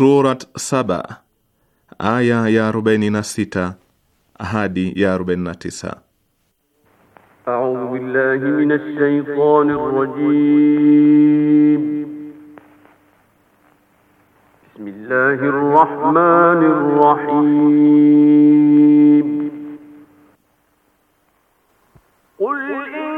Surat saba aya ya na sita hadi ya na tisa. A'udhu billahi minash shaitanir rajim. Bismillahir rahmanir rahim. Qul in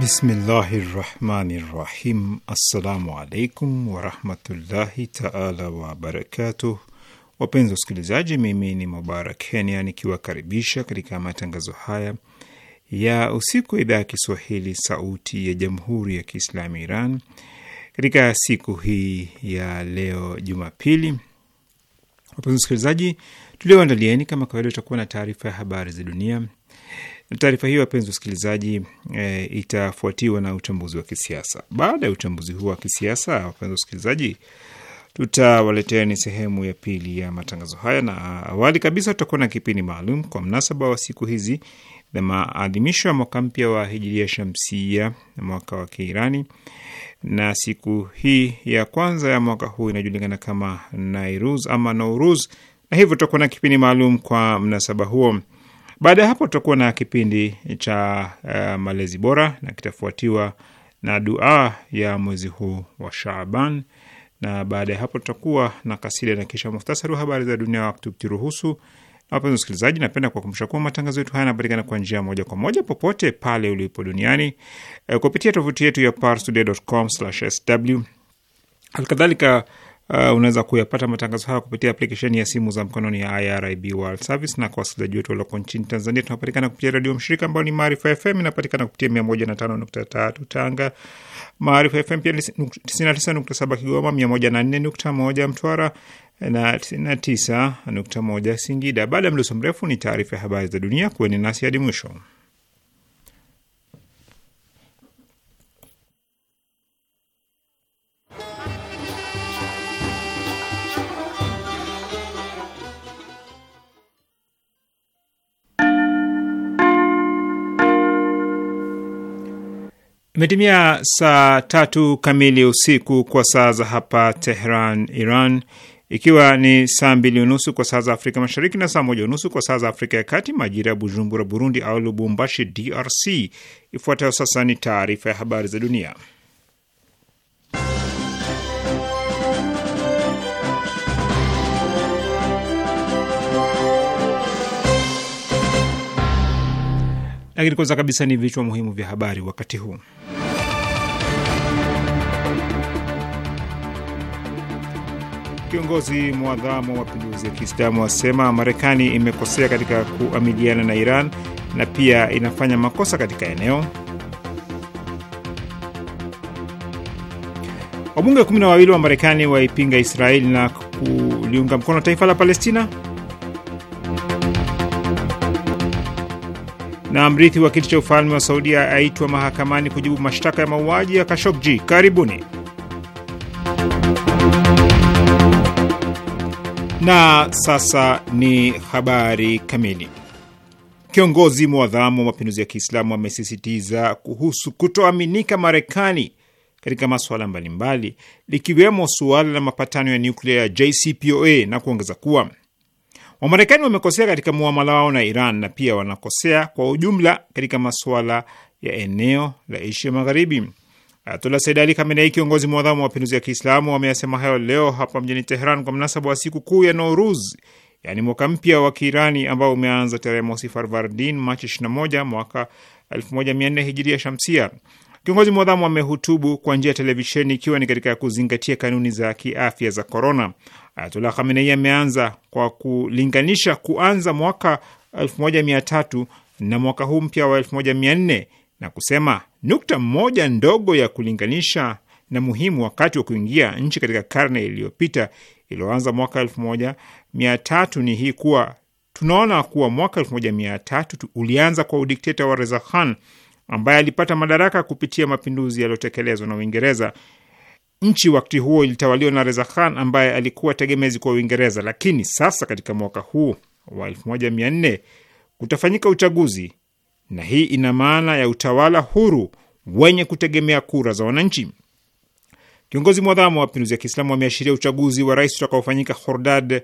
Bismillahi rahmani rahim. Assalamu alaikum warahmatullahi taala wabarakatuh. Wapenzi wasikilizaji, mimi ni Mubarak Kenya nikiwakaribisha katika matangazo haya ya usiku wa idhaa ya Kiswahili sauti ya jamhuri ya Kiislamu Iran katika siku hii ya leo Jumapili. Wapenzi wasikilizaji, tulioandalieni kama kawaida, utakuwa na taarifa ya habari za dunia Taarifa hiyo, wapenzi wasikilizaji, e, itafuatiwa na uchambuzi wa kisiasa. Baada ya uchambuzi huo wa kisiasa, wapenzi wasikilizaji, ni sehemu ya pili ya matangazo haya, na awali kabisa tutakuwa na kipindi maalum kwa mnasaba wa siku hizi na maadhimisho ya mwaka mpya wa hijiria shamsia na mwaka wa Kiirani, na siku hii ya kwanza ya mwaka huu inajulikana kama Nairuz ama Nouruz, na hivyo tutakuwa na kipindi maalum kwa mnasaba huo baada ya hapo tutakuwa na kipindi cha uh, malezi bora na kitafuatiwa na dua ya mwezi huu wa Shaaban, na baada ya hapo tutakuwa na kasida na kisha muhtasari wa habari za dunia wakati ukiruhusu. Na wapenzi wasikilizaji, napenda kuwakumbusha kuwa matangazo yetu haya yanapatikana kwa njia moja kwa moja popote pale ulipo duniani e, kupitia tovuti yetu ya parstoday.com/sw. Halikadhalika Uh, unaweza kuyapata matangazo haya kupitia aplikesheni ya simu za mkononi ya IRIB World Service, na kwa wasikilizaji wetu walioko nchini Tanzania tunapatikana kupitia redio mshirika ambao ni Maarifa FM, inapatikana kupitia 105.3 Tanga, Maarifa FM pia 99.7 Kigoma, 104.1 Mtwara eh, na 99.1 Singida. Baada ya mdoso mrefu ni taarifa ya habari za dunia, kuweni nasi hadi mwisho. Imetimia saa tatu kamili usiku kwa saa za hapa Tehran, Iran, ikiwa ni saa mbili unusu kwa saa za Afrika Mashariki na saa moja unusu kwa saa za Afrika ya Kati, majira ya Bujumbura, Burundi, au Lubumbashi, DRC. Ifuatayo sasa ni taarifa ya habari za dunia, lakini kwanza kabisa ni vichwa muhimu vya habari wakati huu. Kiongozi mwadhamu wa mapinduzi ya Kiislamu wasema Marekani imekosea katika kuamiliana na Iran na pia inafanya makosa katika eneo. Wabunge kumi na wawili wa Marekani waipinga Israeli na kuliunga mkono taifa la Palestina. Na mrithi wa kiti cha ufalme wa Saudia aitwa mahakamani kujibu mashtaka ya mauaji ya kashokji Karibuni. Na sasa ni habari kamili. Kiongozi mwadhamu wa mapinduzi ya Kiislamu amesisitiza kuhusu kutoaminika Marekani katika masuala mbalimbali likiwemo suala la mapatano ya nyuklia ya JCPOA na kuongeza kuwa Wamarekani wamekosea katika muamala wao na Iran na pia wanakosea kwa ujumla katika masuala ya eneo la Asia Magharibi. Ayatollah Said Ali Khamenei, kiongozi mwadhamu wa mapinduzi ya Kiislamu, wameyasema hayo leo hapa mjini Tehran kwa mnasaba wa siku kuu ya Nowruz, yaani mwaka mpya wa Kiirani ambao umeanza tarehe mosi Farvardin, Machi 21 mwaka 1400 hijiria shamsia. Kiongozi mwadhamu amehutubu kwa njia ya televisheni ikiwa ni katika kuzingatia kanuni za kiafya za korona. Ayatollah Khamenei ameanza kwa kulinganisha kuanza mwaka 1300 na mwaka huu mpya wa 1400 na kusema nukta moja ndogo ya kulinganisha na muhimu wakati wa kuingia nchi katika karne iliyopita iliyoanza mwaka elfu moja mia tatu ni hii kuwa tunaona kuwa mwaka elfu moja mia tatu ulianza kwa udikteta wa Reza Khan ambaye alipata madaraka kupitia mapinduzi yaliyotekelezwa na Uingereza. Nchi wakati huo ilitawaliwa na Reza Khan ambaye alikuwa tegemezi kwa Uingereza, lakini sasa katika mwaka huu wa elfu moja mia nne kutafanyika uchaguzi na hii ina maana ya utawala huru wenye kutegemea kura za wananchi. Kiongozi mwadhamu wa mapinduzi ya Kiislamu ameashiria uchaguzi wa rais utakaofanyika Hordad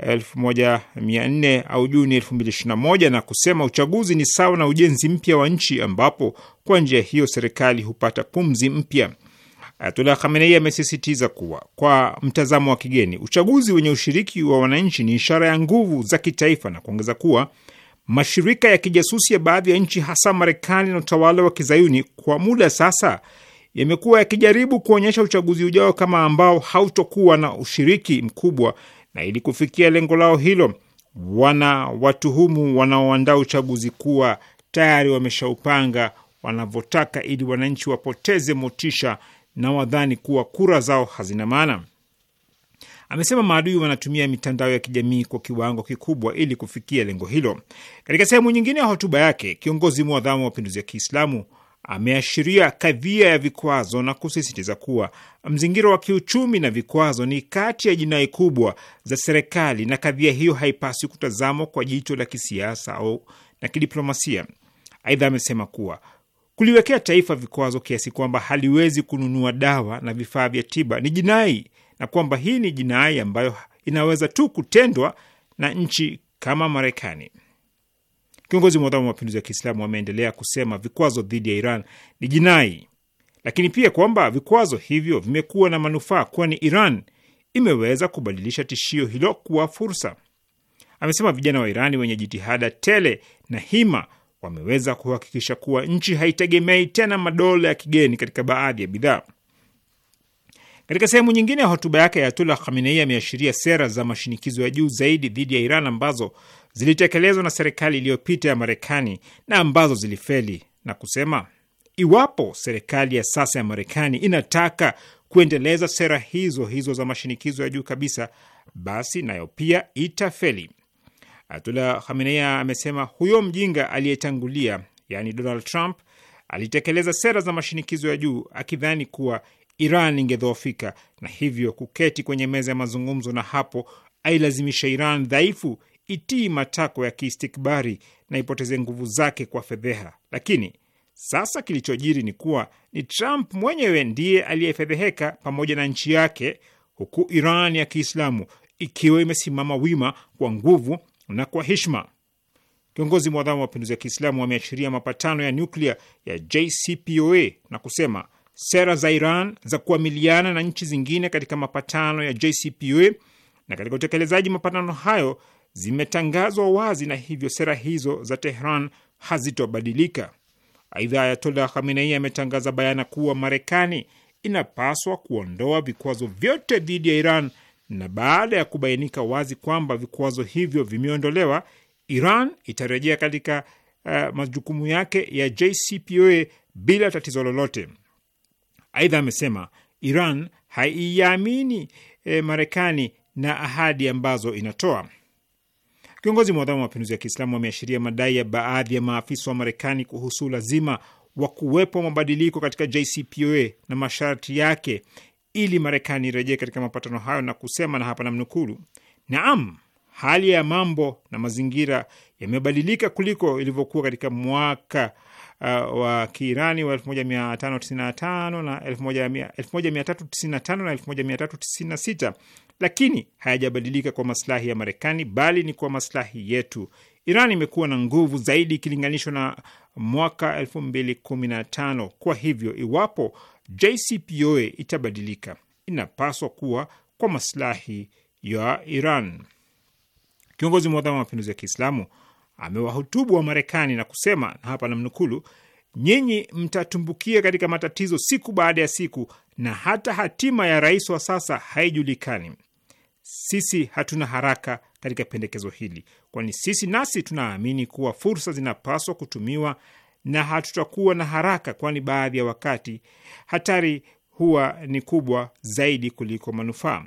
1400 au Juni 2021 na kusema uchaguzi ni sawa na ujenzi mpya wa nchi, ambapo kwa njia hiyo serikali hupata pumzi mpya. Ayatullah Khamenei amesisitiza kuwa kwa mtazamo wa kigeni, uchaguzi wenye ushiriki wa wananchi ni ishara ya nguvu za kitaifa na kuongeza kuwa Mashirika ya kijasusi ya baadhi ya nchi hasa Marekani na utawala wa kizayuni kwa muda sasa yamekuwa yakijaribu kuonyesha uchaguzi ujao kama ambao hautokuwa na ushiriki mkubwa, na ili kufikia lengo lao hilo, wana watuhumu wanaoandaa uchaguzi kuwa tayari wameshaupanga wanavyotaka, ili wananchi wapoteze motisha na wadhani kuwa kura zao hazina maana. Amesema maadui wanatumia mitandao ya kijamii kwa kiwango kikubwa ili kufikia lengo hilo. Katika sehemu nyingine ya hotuba yake, kiongozi mwadhamu wa mapinduzi ya Kiislamu ameashiria kadhia ya vikwazo na kusisitiza kuwa mzingiro wa kiuchumi na vikwazo ni kati ya jinai kubwa za serikali na kadhia hiyo haipaswi kutazamwa kwa jicho la kisiasa au na kidiplomasia. Aidha, amesema kuwa kuliwekea taifa vikwazo kiasi kwamba haliwezi kununua dawa na vifaa vya tiba ni jinai na kwamba hii ni jinai ambayo inaweza tu kutendwa na nchi kama Marekani. Kiongozi mwadhamu wa mapinduzi ya Kiislamu ameendelea kusema vikwazo dhidi ya Iran ni jinai, lakini pia kwamba vikwazo hivyo vimekuwa na manufaa, kwani Iran imeweza kubadilisha tishio hilo kuwa fursa. Amesema vijana wa Irani wenye jitihada tele na hima wameweza kuhakikisha kuwa nchi haitegemei tena madola ya kigeni katika baadhi ya bidhaa. Katika sehemu nyingine ya hotuba yake, Ayatullah Khamenei ameashiria sera za mashinikizo ya juu zaidi dhidi ya Iran ambazo zilitekelezwa na serikali iliyopita ya Marekani na ambazo zilifeli na kusema, iwapo serikali ya sasa ya Marekani inataka kuendeleza sera hizo hizo za mashinikizo ya juu kabisa, basi nayo pia itafeli. Ayatullah Khamenei amesema huyo mjinga aliyetangulia, yani Donald Trump, alitekeleza sera za mashinikizo ya juu akidhani kuwa Iran ingedhoofika na hivyo kuketi kwenye meza ya mazungumzo, na hapo ailazimisha Iran dhaifu itii matakwa ya kiistikbari na ipoteze nguvu zake kwa fedheha. Lakini sasa kilichojiri ni kuwa ni Trump mwenyewe ndiye aliyefedheheka pamoja na nchi yake, huku Iran ya Kiislamu ikiwa imesimama wima kwa nguvu na kwa hishma. Kiongozi mwadhamu wa mapinduzi ya Kiislamu ameashiria mapatano ya nyuklia ya JCPOA na kusema sera za Iran za kuamiliana na nchi zingine katika mapatano ya JCPOA na katika utekelezaji mapatano hayo zimetangazwa wazi na hivyo sera hizo za Tehran hazitobadilika. Aidha, Ayatollah Khamenei ametangaza bayana kuwa Marekani inapaswa kuondoa vikwazo vyote dhidi ya Iran, na baada ya kubainika wazi kwamba vikwazo hivyo vimeondolewa, Iran itarejea katika uh, majukumu yake ya JCPOA bila tatizo lolote. Aidha amesema Iran haiyaamini e, Marekani na ahadi ambazo inatoa. Kiongozi mwadhamu wa mapinduzi ya Kiislamu ameashiria madai ya baadhi ya maafisa wa Marekani kuhusu lazima wa kuwepo mabadiliko katika JCPOA na masharti yake ili Marekani irejee katika mapatano hayo na kusema, na hapa namnukuu: naam, hali ya mambo na mazingira yamebadilika kuliko ilivyokuwa katika mwaka uh, wa Kiirani wa 1595 na 1395 na 1396, lakini hayajabadilika kwa maslahi ya Marekani bali ni kwa maslahi yetu. Iran imekuwa na nguvu zaidi ikilinganishwa na mwaka 2015. Kwa hivyo iwapo JCPOA itabadilika, inapaswa kuwa kwa maslahi ya Iran. Kiongozi mwadhamu wa mapinduzi ya Kiislamu amewahutubu wa Marekani na kusema, na hapa namnukulu, nyinyi mtatumbukia katika matatizo siku baada ya siku, na hata hatima ya rais wa sasa haijulikani. Sisi hatuna haraka katika pendekezo hili, kwani sisi nasi tunaamini kuwa fursa zinapaswa kutumiwa na hatutakuwa na haraka, kwani baadhi ya wakati hatari huwa ni kubwa zaidi kuliko manufaa.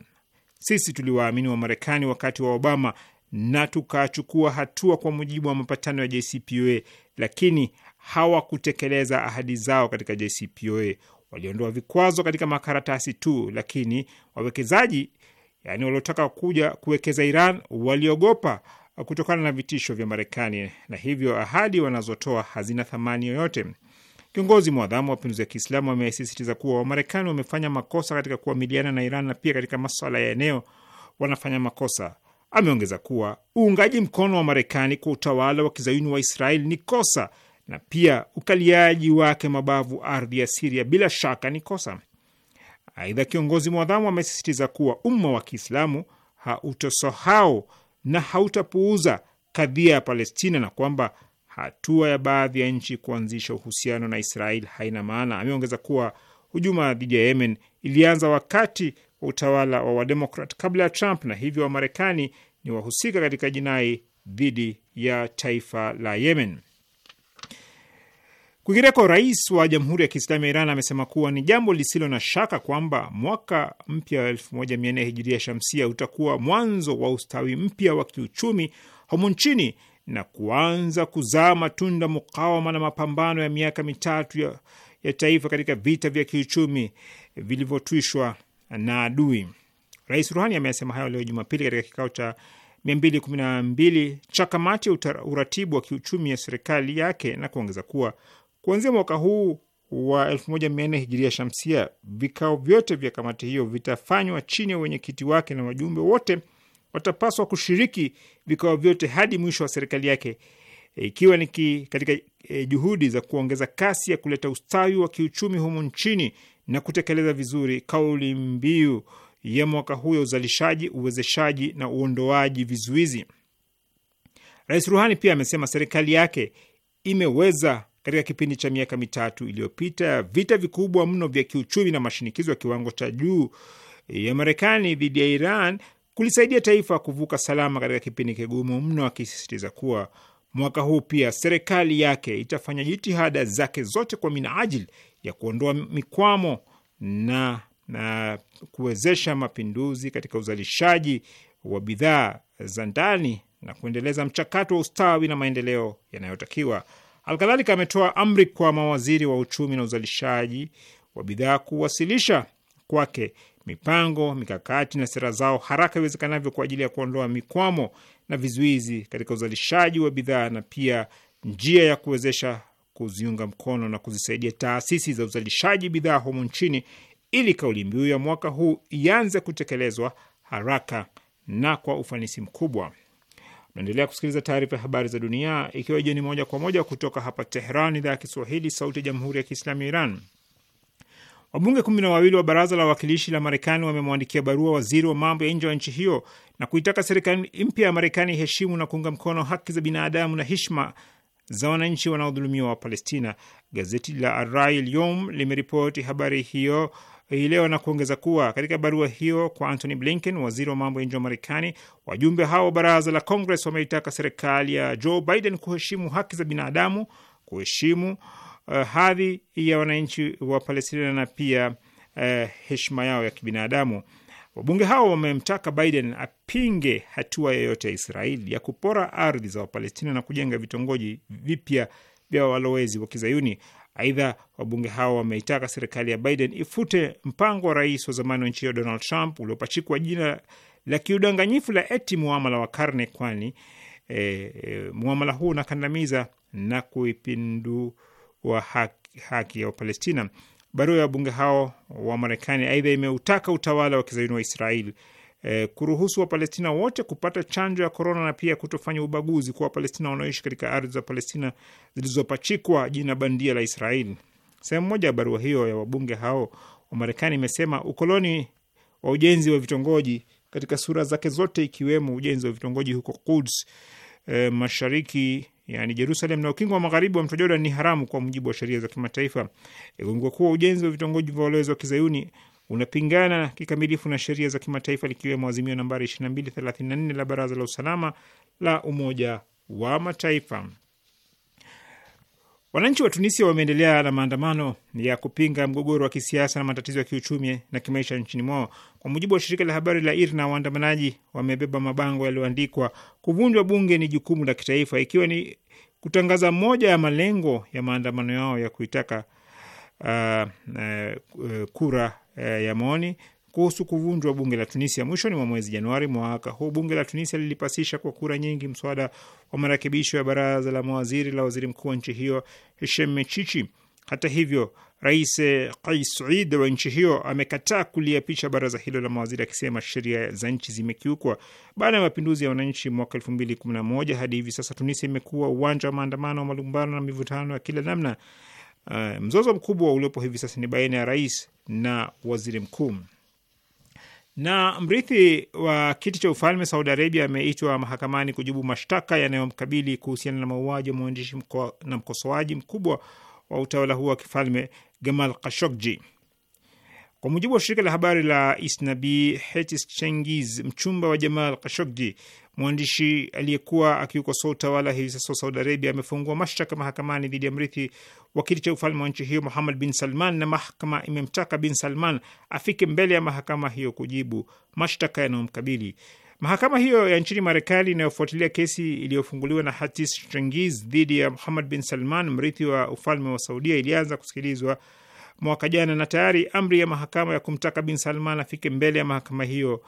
Sisi tuliwaamini Wamarekani wakati wa Obama na tukachukua hatua kwa mujibu wa mapatano ya JCPOA, lakini hawakutekeleza ahadi zao katika JCPOA. Waliondoa vikwazo katika makaratasi tu, lakini wawekezaji, yani waliotaka kuja kuwekeza Iran, waliogopa kutokana na vitisho vya Marekani, na hivyo ahadi wanazotoa hazina thamani yoyote. Kiongozi mwadhamu wa mapinduzi ya Kiislamu amesisitiza kuwa Wamarekani wamefanya makosa katika kuamiliana na Iran na pia katika maswala ya eneo wanafanya makosa. Ameongeza kuwa uungaji mkono wa Marekani kwa utawala wa kizayuni wa Israeli ni kosa na pia ukaliaji wake mabavu ardhi ya Siria bila shaka ni kosa. Aidha, kiongozi mwadhamu amesisitiza kuwa umma wa Kiislamu hautasahau na hautapuuza kadhia ya Palestina na kwamba hatua ya baadhi ya nchi kuanzisha uhusiano na Israel haina maana. Ameongeza kuwa hujuma dhidi ya Yemen ilianza wakati utawala wa Wademokrat kabla ya Trump, na hivyo Wamarekani ni wahusika katika jinai dhidi ya taifa la Yemen. Kwingineko, rais wa Jamhuri ya Kiislamu ya Iran amesema kuwa ni jambo lisilo na shaka kwamba mwaka mpya wa 1400 hijiria shamsia utakuwa mwanzo wa ustawi mpya wa kiuchumi humu nchini na kuanza kuzaa matunda mukawama na mapambano ya miaka mitatu ya, ya taifa katika vita vya kiuchumi vilivyotwishwa na adui. Rais Ruhani ameyasema hayo leo Jumapili katika kikao cha 212 cha kamati ya uratibu wa kiuchumi ya serikali yake na kuongeza kuwa kuanzia mwaka huu wa 1400 hijiria shamsia, vikao vyote vya kamati hiyo vitafanywa chini ya wenyekiti wake na wajumbe wote watapaswa kushiriki vikao vyote hadi mwisho wa serikali yake, ikiwa ni katika eh, juhudi za kuongeza kasi ya kuleta ustawi wa kiuchumi humu nchini na kutekeleza vizuri kauli mbiu ya mwaka huu ya uzalishaji, uwezeshaji na uondoaji vizuizi. Rais Ruhani pia amesema serikali yake imeweza katika kipindi cha miaka mitatu iliyopita vita vikubwa mno vya kiuchumi na mashinikizo ya kiwango cha juu ya Marekani dhidi ya Iran kulisaidia taifa kuvuka salama katika kipindi kigumu mno, akisisitiza kuwa Mwaka huu pia serikali yake itafanya jitihada zake zote kwa minajili ya kuondoa mikwamo na, na kuwezesha mapinduzi katika uzalishaji wa bidhaa za ndani na kuendeleza mchakato wa ustawi na maendeleo yanayotakiwa. Alkadhalika, ametoa amri kwa mawaziri wa uchumi na uzalishaji wa bidhaa kuwasilisha kwake mipango, mikakati na sera zao haraka iwezekanavyo kwa ajili ya kuondoa mikwamo na vizuizi katika uzalishaji wa bidhaa na pia njia ya kuwezesha kuziunga mkono na kuzisaidia taasisi za uzalishaji bidhaa humu nchini ili kauli mbiu ya mwaka huu ianze kutekelezwa haraka na kwa ufanisi mkubwa. Naendelea kusikiliza taarifa ya habari za dunia, ikiwa jioni moja kwa moja kutoka hapa Tehran, idhaa ya Kiswahili, sauti ya jamhuri ya kiislamu ya Iran. Wabunge kumi na wawili wa baraza la wawakilishi la Marekani wamemwandikia barua waziri wa mambo ya nje wa nchi hiyo na kuitaka serikali mpya ya Marekani iheshimu na kuunga mkono haki za binadamu na heshima za wananchi wanaodhulumiwa wa Palestina. Gazeti la Arai Lyom limeripoti habari hiyo hii leo na kuongeza kuwa katika barua hiyo kwa Antony Blinken, waziri wa mambo ya nje wa Marekani, wajumbe hao wa baraza la Congress wameitaka serikali ya Joe Biden kuheshimu haki za binadamu, kuheshimu uh, hadhi ya wananchi wa Palestina na pia uh, heshima yao ya kibinadamu. Wabunge hao wamemtaka Biden apinge hatua yoyote ya Israeli ya kupora ardhi za Wapalestina na kujenga vitongoji vipya vya walowezi wa Kizayuni. Aidha, wabunge hao wameitaka serikali ya Biden ifute mpango wa rais wa zamani wa nchi hiyo Donald Trump uliopachikwa jina la kiudanganyifu la eti muamala wa karne, kwani e, e, muamala huu unakandamiza na kuipindu wa haki, haki ya Wapalestina. Barua ya wabunge hao wa Marekani aidha imeutaka utawala wa kizayuni wa Israel e, kuruhusu Wapalestina wote kupata chanjo ya korona na pia kutofanya ubaguzi kwa Wapalestina wanaoishi katika ardhi za Palestina zilizopachikwa jina bandia la Israel. Sehemu moja ya barua hiyo ya wabunge hao wa Marekani imesema ukoloni wa ujenzi wa vitongoji katika sura zake zote ikiwemo ujenzi wa vitongoji huko Quds, e, mashariki yani Jerusalem na ukingo wa magharibi wa mto Jordan ni haramu kwa mujibu wa sheria za kimataifa. Igundua kuwa ujenzi wa vitongoji vya walowezi wa kizayuni unapingana kikamilifu na sheria za kimataifa likiwemo azimio nambari 2234 la Baraza la Usalama la Umoja wa Mataifa. Wananchi wa Tunisia wameendelea na maandamano ya kupinga mgogoro wa kisiasa na matatizo ya kiuchumi na kimaisha nchini mwao. Kwa mujibu wa shirika la habari la IRNA, waandamanaji wamebeba mabango yaliyoandikwa kuvunjwa bunge ni jukumu la kitaifa, ikiwa ni kutangaza moja ya malengo ya maandamano yao ya kuitaka uh, uh, kura uh, ya maoni kuhusu kuvunjwa bunge la Tunisia. Mwishoni mwa mwezi Januari mwaka huu bunge la Tunisia lilipasisha kwa kura nyingi mswada wa marekebisho ya baraza la mawaziri la waziri mkuu wa nchi hiyo Hichem Mechichi. Hata hivyo, Rais Kais Saied wa nchi hiyo amekataa kuliapisha baraza hilo la mawaziri akisema sheria za nchi zimekiukwa. Baada ya mapinduzi ya wananchi mwaka elfu mbili kumi na moja hadi hivi sasa Tunisia imekuwa uwanja wa maandamano, malumbano na mivutano ya kila namna. Uh, mzozo mkubwa uliopo hivi sasa ni baina ya rais na waziri mkuu. Na mrithi wa kiti cha ufalme Saudi Arabia ameitwa mahakamani kujibu mashtaka yanayomkabili kuhusiana na mauaji wa mwandishi na mkosoaji mkubwa wa utawala huo wa kifalme Gamal Kashogji. Kwa mujibu wa shirika la habari la Isnabi, Hetis Chengiz, mchumba wa Jamal Khashoggi, mwandishi aliyekuwa akiukosoa utawala hivi sasa wa Saudi Arabia, amefungua mashtaka mahakamani dhidi ya mrithi wa kiti cha ufalme wa nchi hiyo Muhammad bin Salman, na mahakama imemtaka bin Salman afike mbele ya mahakama hiyo kujibu mashtaka yanayomkabili. Mahakama hiyo ya nchini Marekani inayofuatilia kesi iliyofunguliwa na Hatis Chengiz dhidi ya Muhammad bin Salman, mrithi wa ufalme wa Saudia, ilianza kusikilizwa mwaka jana, na tayari amri ya mahakama ya kumtaka bin Salman afike mbele ya mahakama hiyo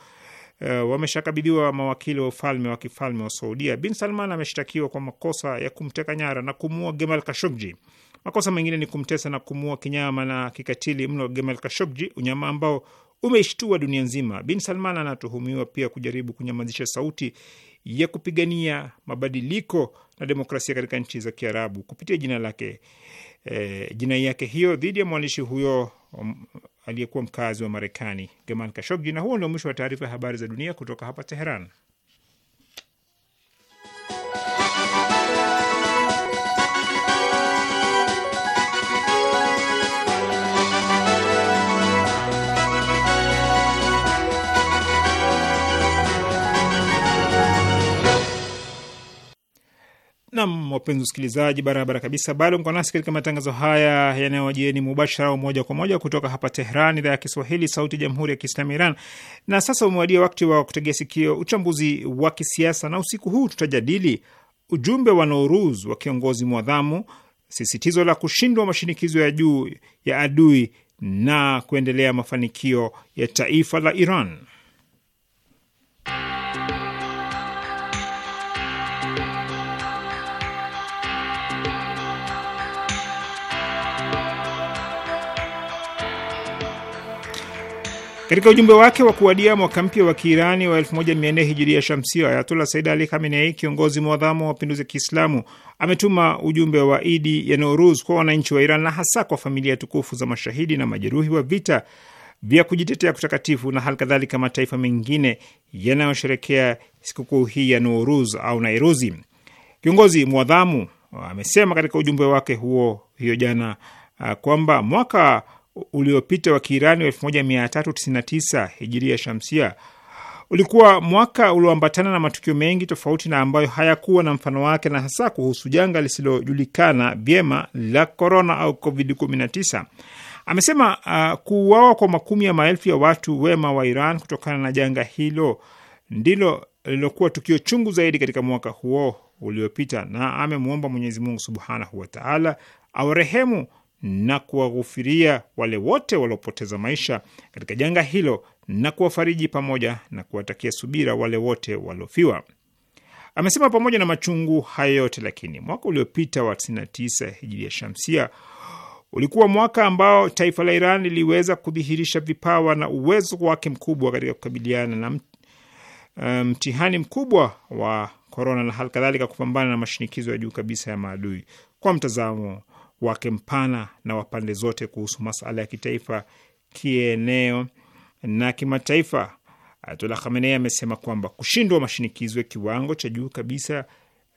Uh, wameshakabidhiwa mawakili wa ufalme wa kifalme wa Saudia. Bin Salman ameshtakiwa kwa makosa ya kumteka nyara na kumuua Gemal Kashogji. Makosa mengine ni kumtesa na kumuua kinyama na kikatili mno Gemal Kashogji, unyama ambao umeishtua dunia nzima. Bin Salman anatuhumiwa pia kujaribu kunyamazisha sauti ya kupigania mabadiliko na demokrasia katika nchi za Kiarabu kupitia jina lake eh, jinai yake hiyo dhidi ya mwandishi huyo um, aliyekuwa mkazi wa Marekani Gamal Kashoggi. Na huo ndio mwisho wa taarifa ya habari za dunia kutoka hapa Teheran. Nam, wapenzi usikilizaji barabara kabisa, bado mko nasi katika matangazo haya yanayowajieni mubashara au moja kwa moja kutoka hapa Tehran, idhaa ya Kiswahili, sauti ya jamhuri ya kiislamu Iran. Na sasa umewadia wakati wa kutegea sikio uchambuzi wa kisiasa, na usiku huu tutajadili ujumbe wa Nouruz wa kiongozi mwadhamu, sisitizo la kushindwa mashinikizo ya juu ya adui na kuendelea mafanikio ya taifa la Iran. Katika ujumbe wake wa kuwadia mwaka mpya wa Kiirani wa 1400 hijiria shamsia, Ayatullah Said Ali Khamenei, kiongozi mwadhamu wa mapinduzi ya Kiislamu, ametuma ujumbe wa Idi ya Noruz kwa wananchi wa Iran na hasa kwa familia tukufu za mashahidi na majeruhi wa vita vya kujitetea kutakatifu na hali kadhalika mataifa mengine yanayosherekea sikukuu hii ya Noruz au Nairuzi. Kiongozi mwadhamu uh, amesema katika ujumbe wake huo hiyo jana uh, kwamba mwaka uliopita wa Kiirani wa 1399 hijiria shamsia ulikuwa mwaka ulioambatana na matukio mengi tofauti na ambayo hayakuwa na mfano wake, na hasa kuhusu janga lisilojulikana vyema la korona au COVID-19. Amesema uh, kuuawa kwa makumi ya maelfu ya watu wema wa Iran kutokana na janga hilo ndilo lililokuwa tukio chungu zaidi katika mwaka huo uliopita, na amemwomba Mwenyezi Mungu subhanahu wataala awarehemu na kuwaghufiria wale wote waliopoteza maisha katika janga hilo na kuwafariji pamoja na kuwatakia subira wale wote waliofiwa. Amesema pamoja na machungu hayo yote, lakini mwaka uliopita wa 99 hijiri ya shamsia ulikuwa mwaka ambao taifa la Iran liliweza kudhihirisha vipawa na uwezo wake mkubwa katika kukabiliana na eh, mtihani um, mkubwa wa korona na hali kadhalika kupambana na mashinikizo ya juu kabisa ya maadui. Kwa mtazamo wake mpana na wa pande zote kuhusu masuala ya kitaifa, kieneo na kimataifa. Ayatola Khamenei amesema kwamba kushindwa mashinikizo ya kiwango cha juu kabisa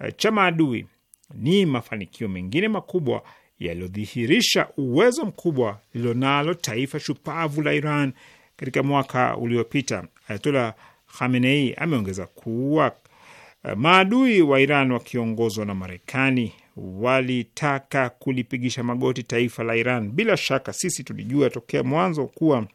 eh, cha maadui ni mafanikio mengine makubwa yaliyodhihirisha uwezo mkubwa lilonalo taifa shupavu la Iran katika mwaka uliopita. Ayatola Khamenei ameongeza kuwa eh, maadui wa Iran wakiongozwa na Marekani walitaka kulipigisha magoti taifa la Iran. Bila shaka sisi tulijua tokea mwanzo kuwa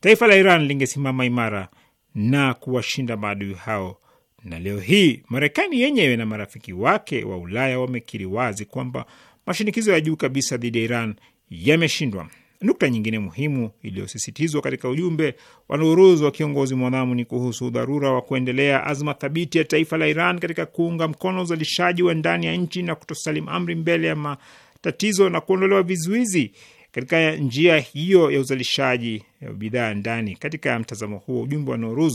taifa la Iran lingesimama imara na kuwashinda maadui hao, na leo hii Marekani yenyewe na marafiki wake wa Ulaya wamekiri wazi kwamba mashinikizo ya juu kabisa dhidi ya Iran yameshindwa. Nukta nyingine muhimu iliyosisitizwa katika ujumbe wa Nuruz wa kiongozi mwadhamu ni kuhusu dharura wa kuendelea azma thabiti ya taifa la Iran katika kuunga mkono uzalishaji wa ndani ya nchi na kutosalimu amri mbele ya matatizo na kuondolewa vizuizi katika njia hiyo ya uzalishaji bidhaa ndani. Katika mtazamo huo, ujumbe wa Nuruz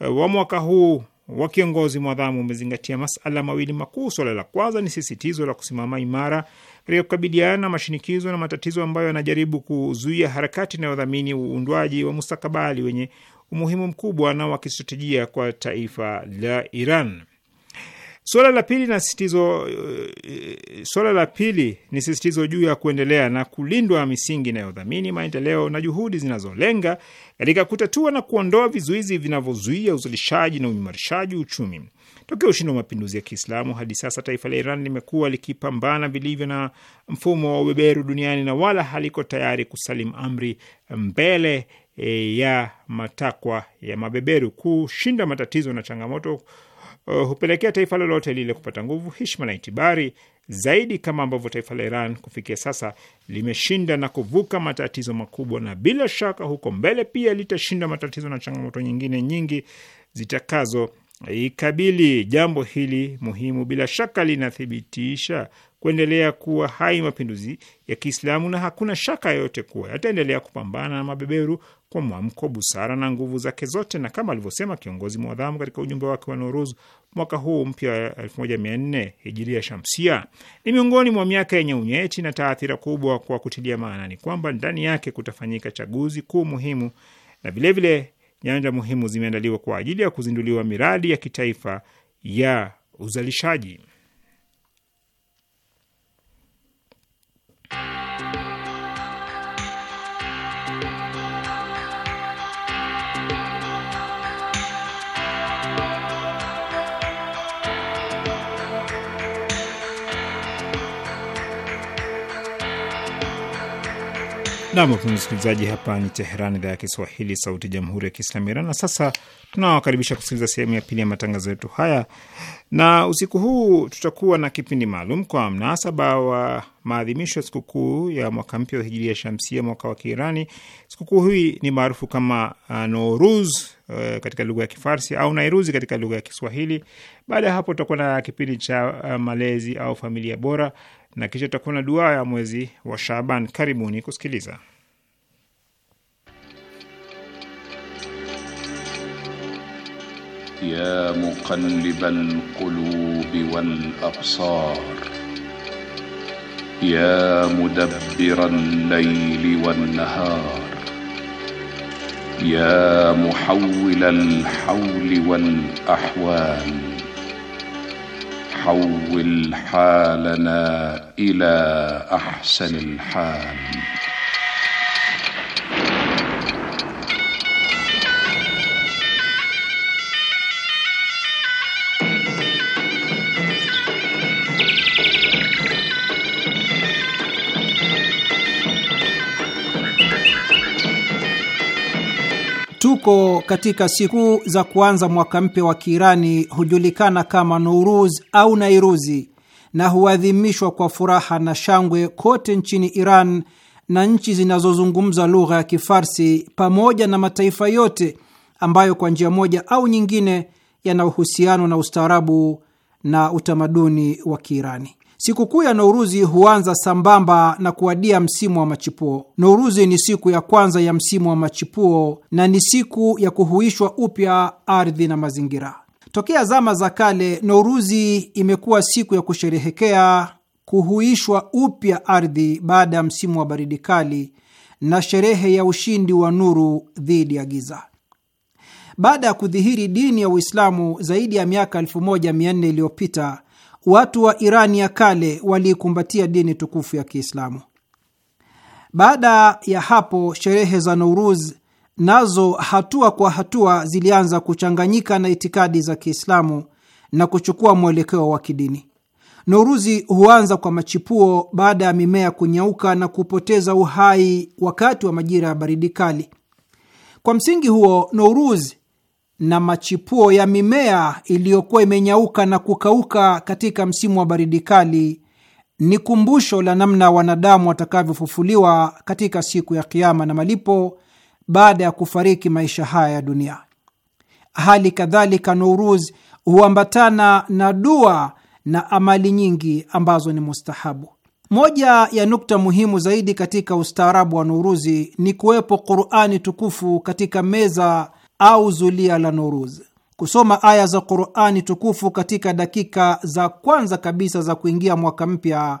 wa mwaka huu wa kiongozi mwadhamu umezingatia masala mawili makuu. Swala la kwanza ni sisitizo la kusimama imara katika kukabiliana na mashinikizo na matatizo ambayo yanajaribu kuzuia harakati inayodhamini uundwaji wa mustakabali wenye umuhimu mkubwa na wa kistratejia kwa taifa la Iran. Suala la pili na sisitizo, eh, eh, suala la pili ni sisitizo juu ya kuendelea na kulindwa misingi inayodhamini maendeleo na juhudi zinazolenga katika kutatua na kuondoa vizuizi vinavyozuia uzalishaji na uimarishaji uchumi. Tokea ushindi wa mapinduzi ya Kiislamu hadi sasa taifa la Iran limekuwa likipambana vilivyo na mfumo wa ubeberu duniani na wala haliko tayari kusalim amri mbele eh, ya matakwa ya mabeberu. Kushinda matatizo na changamoto uh, hupelekea taifa lolote lile kupata nguvu, heshima na itibari zaidi, kama ambavyo taifa la Iran kufikia sasa limeshinda na kuvuka matatizo makubwa, na bila shaka huko mbele pia litashinda matatizo na changamoto nyingine nyingi zitakazo ikabili. Jambo hili muhimu bila shaka linathibitisha kuendelea kuwa hai mapinduzi ya Kiislamu na hakuna shaka yoyote kuwa yataendelea kupambana na mabeberu kwa mwamko, busara na nguvu zake zote. Na kama alivyosema kiongozi mwadhamu katika ujumbe wake wa Noruz mwaka huu mpya wa 1400 hijiria shamsia, ni miongoni mwa miaka yenye unyeti na taathira kubwa, kwa kutilia maanani kwamba ndani yake kutafanyika chaguzi kuu muhimu na vilevile nyanja muhimu zimeandaliwa kwa ajili ya kuzinduliwa miradi ya kitaifa ya uzalishaji. Nam, wapenzi msikilizaji, hapa ni Teheran, idhaa ya Kiswahili, sauti ya jamhuri ya kiislamu Iran. Na sasa tunawakaribisha kusikiliza sehemu ya pili ya matangazo yetu haya, na usiku huu tutakuwa na kipindi maalum kwa mnasaba wa maadhimisho ya sikukuu ya mwaka mpya wa hijiria shamsia, mwaka wa Kiirani. Sikukuu hii ni maarufu kama uh, Noruz uh, katika lugha ya Kifarsi au Nairuzi katika lugha ya Kiswahili. Baada ya hapo, tutakuwa na kipindi cha uh, malezi au familia bora na kisha tutakuwa na dua ya mwezi wa Shaaban. Karibuni kusikiliza. Ya muqallibal qulubi wal absar ya mudabbiral layli wan nahar ya muhawwilal hawli wal ahwal نحول حالنا الى احسن الحال Tuko katika siku za kuanza mwaka mpya wa Kiirani, hujulikana kama Nuruz au Nairuzi, na huadhimishwa kwa furaha na shangwe kote nchini Iran na nchi zinazozungumza lugha ya Kifarsi, pamoja na mataifa yote ambayo kwa njia moja au nyingine yana uhusiano na ustaarabu na utamaduni wa Kiirani. Sikukuu ya Nouruzi huanza sambamba na kuadia msimu wa machipuo. Nouruzi ni siku ya kwanza ya msimu wa machipuo na ni siku ya kuhuishwa upya ardhi na mazingira. Tokea zama za kale, Nouruzi imekuwa siku ya kusherehekea kuhuishwa upya ardhi baada ya msimu wa baridi kali na sherehe ya ushindi wa nuru dhidi ya giza. Baada ya kudhihiri dini ya Uislamu zaidi ya miaka 1400 iliyopita watu wa Irani ya kale waliikumbatia dini tukufu ya Kiislamu. Baada ya hapo, sherehe za Nouruz nazo hatua kwa hatua zilianza kuchanganyika na itikadi za Kiislamu na kuchukua mwelekeo wa kidini. Nouruzi huanza kwa machipuo baada ya mimea kunyauka na kupoteza uhai wakati wa majira ya baridi kali. Kwa msingi huo, Nouruz na machipuo ya mimea iliyokuwa imenyauka na kukauka katika msimu wa baridi kali ni kumbusho la namna wanadamu watakavyofufuliwa katika siku ya Kiama na malipo baada ya kufariki maisha haya ya dunia. Hali kadhalika, Nouruz huambatana na dua na amali nyingi ambazo ni mustahabu. Moja ya nukta muhimu zaidi katika ustaarabu wa Nouruzi ni kuwepo Qurani tukufu katika meza au zulia la Noruz. Kusoma aya za Qurani tukufu katika dakika za kwanza kabisa za kuingia mwaka mpya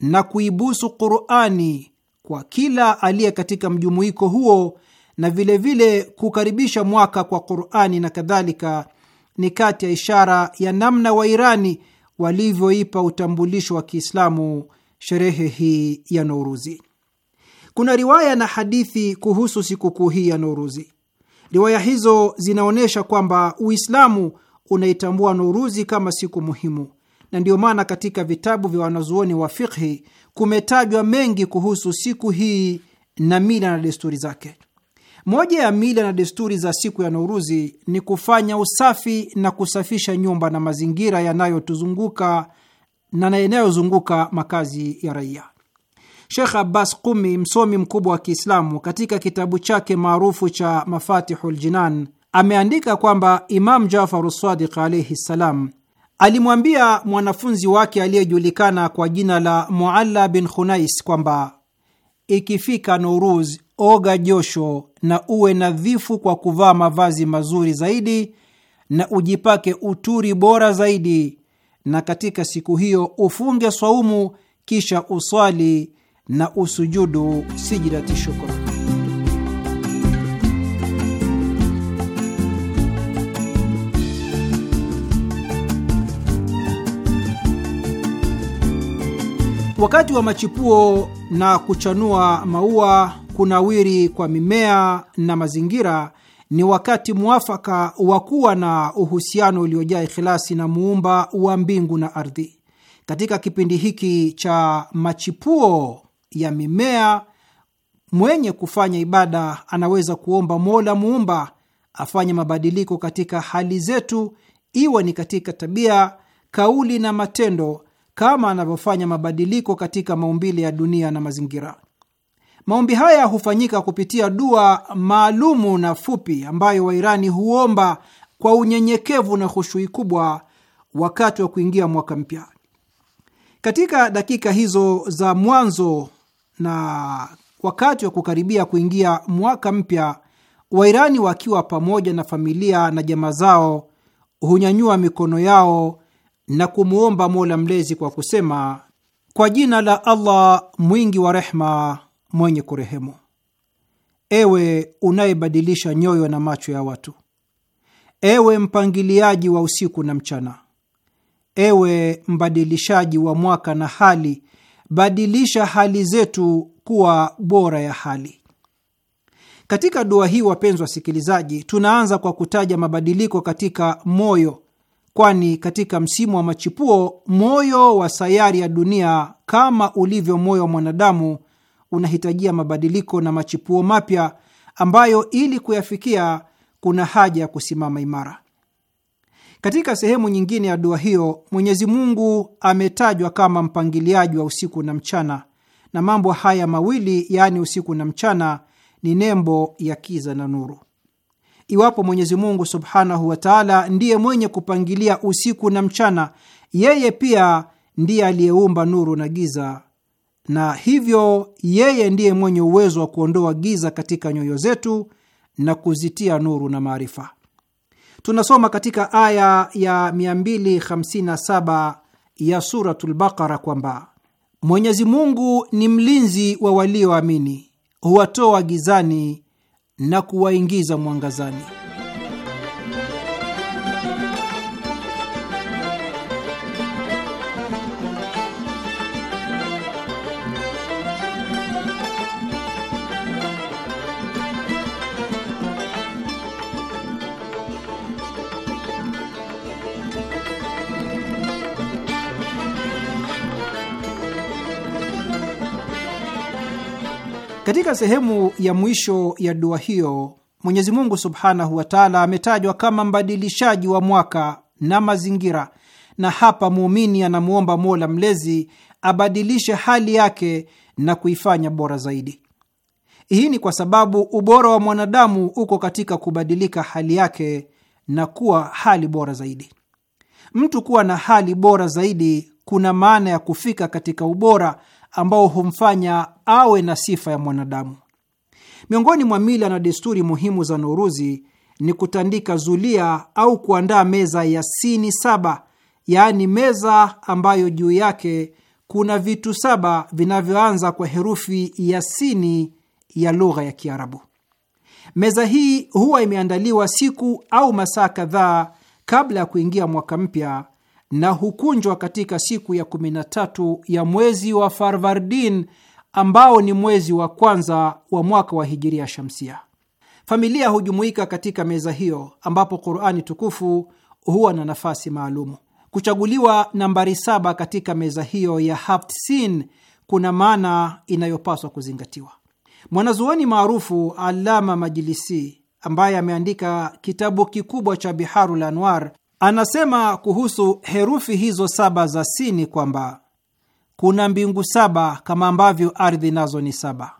na kuibusu Qurani kwa kila aliye katika mjumuiko huo na vilevile vile kukaribisha mwaka kwa Qurani na kadhalika, ni kati ya ishara ya namna Wairani walivyoipa utambulisho wa Kiislamu sherehe hii ya Nouruzi. Kuna riwaya na hadithi kuhusu sikukuu hii ya Nouruzi. Riwaya hizo zinaonyesha kwamba Uislamu unaitambua Nuruzi kama siku muhimu, na ndiyo maana katika vitabu vya wanazuoni wa fikhi kumetajwa mengi kuhusu siku hii na mila na desturi zake. Moja ya mila na desturi za siku ya Nuruzi ni kufanya usafi na kusafisha nyumba na mazingira yanayotuzunguka na yanayozunguka makazi ya raia. Shekh Abbas Qumi, msomi mkubwa wa Kiislamu, katika kitabu chake maarufu cha Mafatihu Ljinan ameandika kwamba Imam Jafaru Sadiq alaihi ssalam alimwambia mwanafunzi wake aliyejulikana kwa jina la Mualla bin Khunais kwamba ikifika nouruz oga josho na uwe nadhifu kwa kuvaa mavazi mazuri zaidi na ujipake uturi bora zaidi, na katika siku hiyo ufunge swaumu, kisha uswali na usujudu sijidati shukran. Wakati wa machipuo na kuchanua maua, kunawiri kwa mimea na mazingira ni wakati muafaka wa kuwa na uhusiano uliojaa ikhilasi na muumba wa mbingu na ardhi. Katika kipindi hiki cha machipuo ya mimea, mwenye kufanya ibada anaweza kuomba Mola Muumba afanye mabadiliko katika hali zetu, iwe ni katika tabia, kauli na matendo, kama anavyofanya mabadiliko katika maumbile ya dunia na mazingira. Maombi haya hufanyika kupitia dua maalumu na fupi ambayo Wairani huomba kwa unyenyekevu na hushui kubwa wakati wa kuingia mwaka mpya. Katika dakika hizo za mwanzo na wakati wa kukaribia kuingia mwaka mpya, Wairani wakiwa pamoja na familia na jamaa zao hunyanyua mikono yao na kumwomba Mola Mlezi kwa kusema, kwa jina la Allah mwingi wa rehma, mwenye kurehemu. Ewe unayebadilisha nyoyo na macho ya watu, ewe mpangiliaji wa usiku na mchana, ewe mbadilishaji wa mwaka na hali badilisha hali zetu kuwa bora ya hali. Katika dua hii, wapenzi wasikilizaji, tunaanza kwa kutaja mabadiliko katika moyo, kwani katika msimu wa machipuo moyo wa sayari ya dunia, kama ulivyo moyo wa mwanadamu, unahitajia mabadiliko na machipuo mapya ambayo ili kuyafikia kuna haja ya kusimama imara. Katika sehemu nyingine ya dua hiyo Mwenyezi Mungu ametajwa kama mpangiliaji wa usiku na mchana, na mambo haya mawili yaani usiku na mchana ni nembo ya kiza na nuru. Iwapo Mwenyezi Mungu subhanahu wa taala ndiye mwenye kupangilia usiku na mchana, yeye pia ndiye aliyeumba nuru na giza, na hivyo yeye ndiye mwenye uwezo wa kuondoa giza katika nyoyo zetu na kuzitia nuru na maarifa. Tunasoma katika aya ya 257 ya Suratul Baqara kwamba Mwenyezi Mungu ni mlinzi wa walioamini, wa huwatoa gizani na kuwaingiza mwangazani. Katika sehemu ya mwisho ya dua hiyo Mwenyezi Mungu subhanahu wa taala ametajwa kama mbadilishaji wa mwaka na mazingira, na hapa muumini anamwomba Mola Mlezi abadilishe hali yake na kuifanya bora zaidi. Hii ni kwa sababu ubora wa mwanadamu uko katika kubadilika hali yake na kuwa hali bora zaidi. Mtu kuwa na hali bora zaidi kuna maana ya kufika katika ubora ambao humfanya awe na sifa ya mwanadamu. Miongoni mwa mila na desturi muhimu za Nuruzi ni kutandika zulia au kuandaa meza ya sini saba, yaani meza ambayo juu yake kuna vitu saba vinavyoanza kwa herufi ya sini ya lugha ya Kiarabu. Meza hii huwa imeandaliwa siku au masaa kadhaa kabla ya kuingia mwaka mpya na hukunjwa katika siku ya kumi na tatu ya mwezi wa Farvardin ambao ni mwezi wa kwanza wa mwaka wa hijiria shamsia. Familia hujumuika katika meza hiyo ambapo Qurani tukufu huwa na nafasi maalumu. Kuchaguliwa nambari saba katika meza hiyo ya Hafsin kuna maana inayopaswa kuzingatiwa. Mwanazuoni maarufu Alama Majilisi ambaye ameandika kitabu kikubwa cha Biharul Anwar Anasema kuhusu herufi hizo saba za Sini kwamba kuna mbingu saba kama ambavyo ardhi nazo ni saba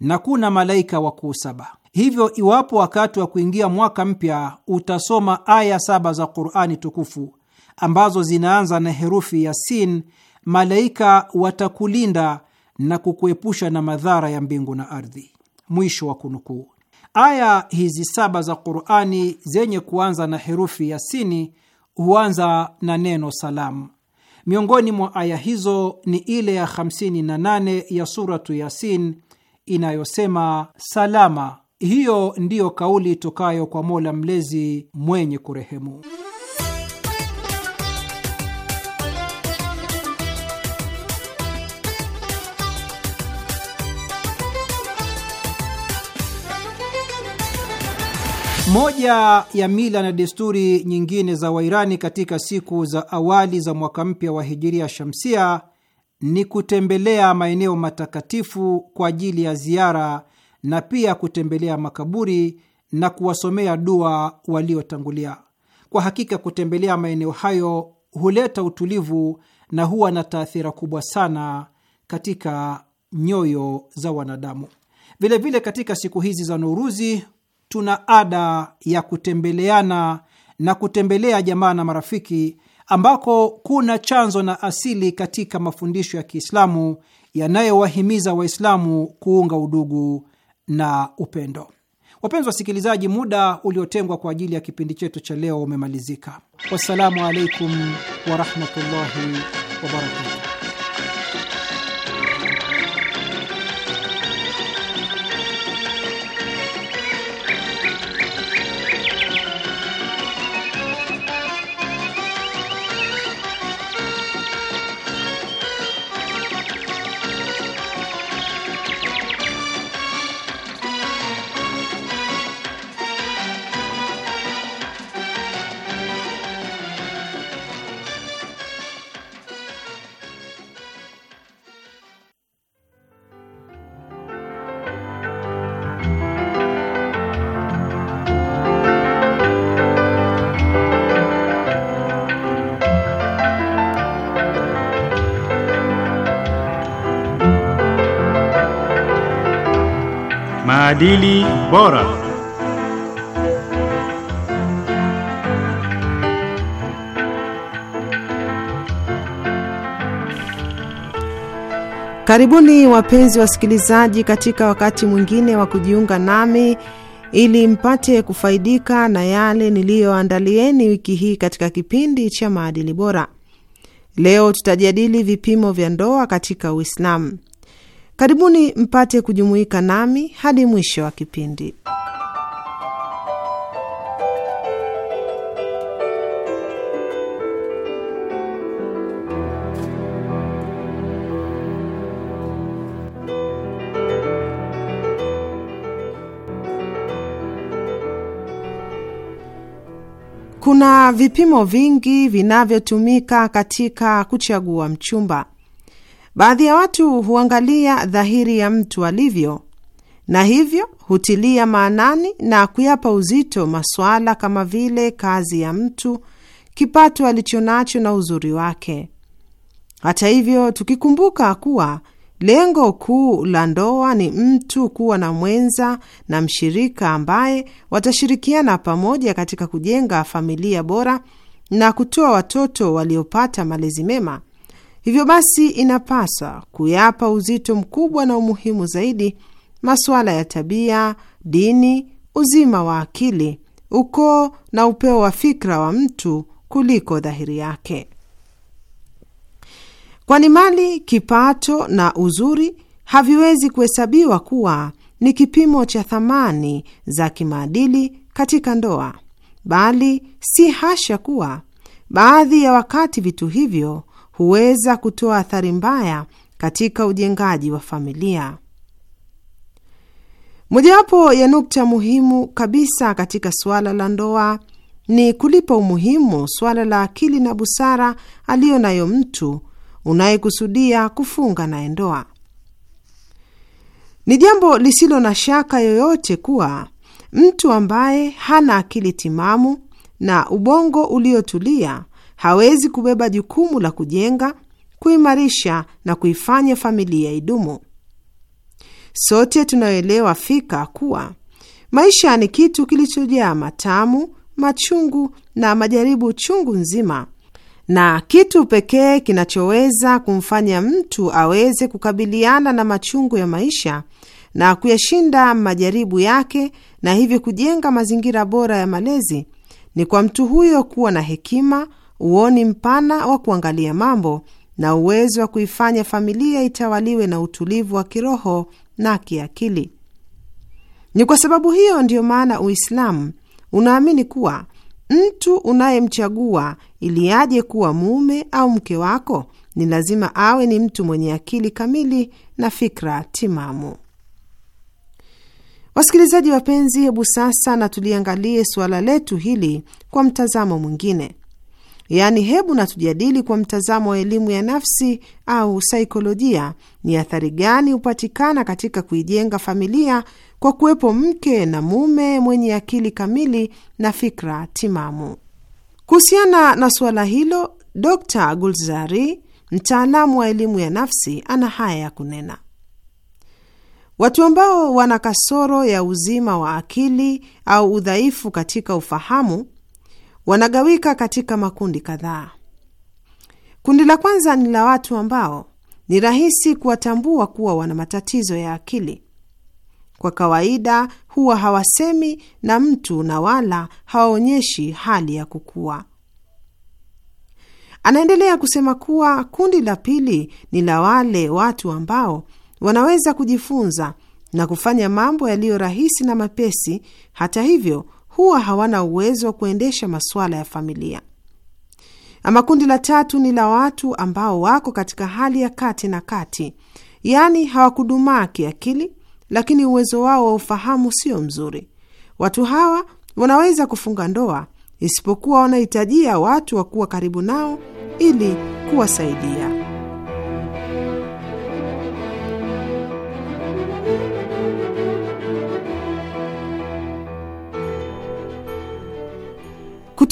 na kuna malaika wakuu saba. Hivyo iwapo wakati wa kuingia mwaka mpya utasoma aya saba za Qur'ani tukufu ambazo zinaanza na herufi ya Sin, malaika watakulinda na kukuepusha na madhara ya mbingu na ardhi. Mwisho wa kunukuu. Aya hizi saba za Qurani zenye kuanza na herufi ya sini huanza na neno salamu. Miongoni mwa aya hizo ni ile ya 58 ya suratu Yasin inayosema salama. Hiyo ndiyo kauli itokayo kwa Mola Mlezi mwenye kurehemu. Moja ya mila na desturi nyingine za Wairani katika siku za awali za mwaka mpya wa hijiria shamsia ni kutembelea maeneo matakatifu kwa ajili ya ziara na pia kutembelea makaburi na kuwasomea dua waliotangulia. Kwa hakika kutembelea maeneo hayo huleta utulivu na huwa na taathira kubwa sana katika nyoyo za wanadamu. Vilevile, katika siku hizi za Nouruzi tuna ada ya kutembeleana na kutembelea jamaa na marafiki ambako kuna chanzo na asili katika mafundisho ya Kiislamu yanayowahimiza Waislamu kuunga udugu na upendo. Wapenzi wasikilizaji, muda uliotengwa kwa ajili ya kipindi chetu cha leo umemalizika. Wassalamu alaikum warahmatullahi wabarakatu. Maadili Bora. Karibuni wapenzi wasikilizaji, katika wakati mwingine wa kujiunga nami ili mpate kufaidika na yale niliyoandalieni wiki hii katika kipindi cha maadili bora. Leo tutajadili vipimo vya ndoa katika Uislamu. Karibuni mpate kujumuika nami hadi mwisho wa kipindi. Kuna vipimo vingi vinavyotumika katika kuchagua mchumba. Baadhi ya watu huangalia dhahiri ya mtu alivyo, na hivyo hutilia maanani na kuyapa uzito masuala kama vile kazi ya mtu, kipato alichonacho na uzuri wake. Hata hivyo, tukikumbuka kuwa lengo kuu la ndoa ni mtu kuwa na mwenza na mshirika ambaye watashirikiana pamoja katika kujenga familia bora na kutoa watoto waliopata malezi mema Hivyo basi inapaswa kuyapa uzito mkubwa na umuhimu zaidi masuala ya tabia, dini, uzima wa akili, ukoo na upeo wa fikra wa mtu kuliko dhahiri yake, kwani mali, kipato na uzuri haviwezi kuhesabiwa kuwa ni kipimo cha thamani za kimaadili katika ndoa, bali si hasha kuwa baadhi ya wakati vitu hivyo huweza kutoa athari mbaya katika ujengaji wa familia. Mojawapo ya nukta muhimu kabisa katika suala la ndoa ni kulipa umuhimu suala la akili na busara aliyo nayo mtu unayekusudia kufunga naye ndoa. Ni jambo lisilo na shaka yoyote kuwa mtu ambaye hana akili timamu na ubongo uliotulia hawezi kubeba jukumu la kujenga, kuimarisha na kuifanya familia idumu. Sote tunayoelewa fika kuwa maisha ni kitu kilichojaa matamu, machungu na majaribu chungu nzima, na kitu pekee kinachoweza kumfanya mtu aweze kukabiliana na machungu ya maisha na kuyashinda majaribu yake na hivyo kujenga mazingira bora ya malezi ni kwa mtu huyo kuwa na hekima, uoni mpana wa kuangalia mambo na uwezo wa kuifanya familia itawaliwe na utulivu wa kiroho na kiakili. Ni kwa sababu hiyo ndiyo maana Uislamu unaamini kuwa mtu unayemchagua ili aje kuwa mume au mke wako ni lazima awe ni mtu mwenye akili kamili na fikra timamu. Wasikilizaji wapenzi, hebu sasa na tuliangalie suala letu hili kwa mtazamo mwingine. Yaani, hebu na tujadili kwa mtazamo wa elimu ya nafsi au saikolojia, ni athari gani hupatikana katika kuijenga familia kwa kuwepo mke na mume mwenye akili kamili na fikra timamu. Kuhusiana na suala hilo, Dr Gulzari, mtaalamu wa elimu ya nafsi, ana haya ya kunena: watu ambao wana kasoro ya uzima wa akili au udhaifu katika ufahamu wanagawika katika makundi kadhaa. Kundi la kwanza ni la watu ambao ni rahisi kuwatambua kuwa wana matatizo ya akili. Kwa kawaida huwa hawasemi na mtu na wala hawaonyeshi hali ya kukua. Anaendelea kusema kuwa kundi la pili ni la wale watu ambao wanaweza kujifunza na kufanya mambo yaliyo rahisi na mapesi. Hata hivyo, huwa hawana uwezo wa kuendesha masuala ya familia. Ama kundi la tatu ni la watu ambao wako katika hali ya kati na kati, yaani hawakudumaa kiakili, lakini uwezo wao wa ufahamu sio mzuri. Watu hawa wanaweza kufunga ndoa, isipokuwa wanahitajia watu wa kuwa karibu nao ili kuwasaidia.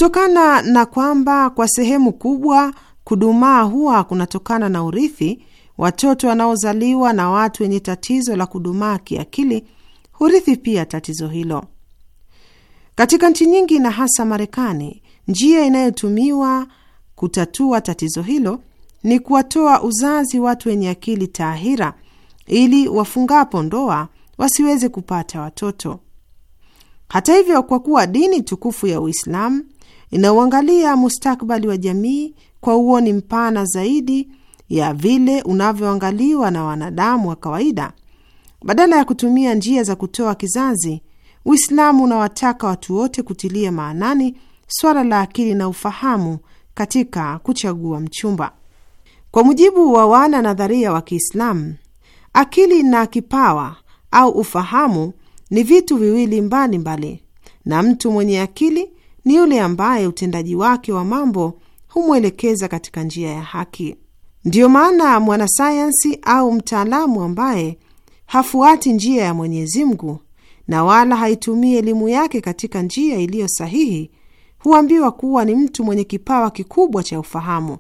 Kutokana na kwamba kwa sehemu kubwa kudumaa huwa kunatokana na urithi, watoto wanaozaliwa na watu wenye tatizo la kudumaa kiakili hurithi pia tatizo hilo. Katika nchi nyingi na hasa Marekani, njia inayotumiwa kutatua tatizo hilo ni kuwatoa uzazi watu wenye akili taahira ili wafungapo ndoa wasiweze kupata watoto. Hata hivyo, kwa kuwa dini tukufu ya Uislamu inauangalia mustakbali wa jamii kwa uoni mpana zaidi ya vile unavyoangaliwa na wanadamu wa kawaida. Badala ya kutumia njia za kutoa kizazi, Uislamu unawataka watu wote kutilia maanani swala la akili na ufahamu katika kuchagua mchumba. Kwa mujibu wa wana nadharia wa Kiislamu, akili na kipawa au ufahamu ni vitu viwili mbalimbali, na mtu mwenye akili ni yule ambaye utendaji wake wa mambo humwelekeza katika njia ya haki. Ndiyo maana mwanasayansi au mtaalamu ambaye hafuati njia ya Mwenyezi Mungu na wala haitumii elimu yake katika njia iliyo sahihi huambiwa kuwa ni mtu mwenye kipawa kikubwa cha ufahamu,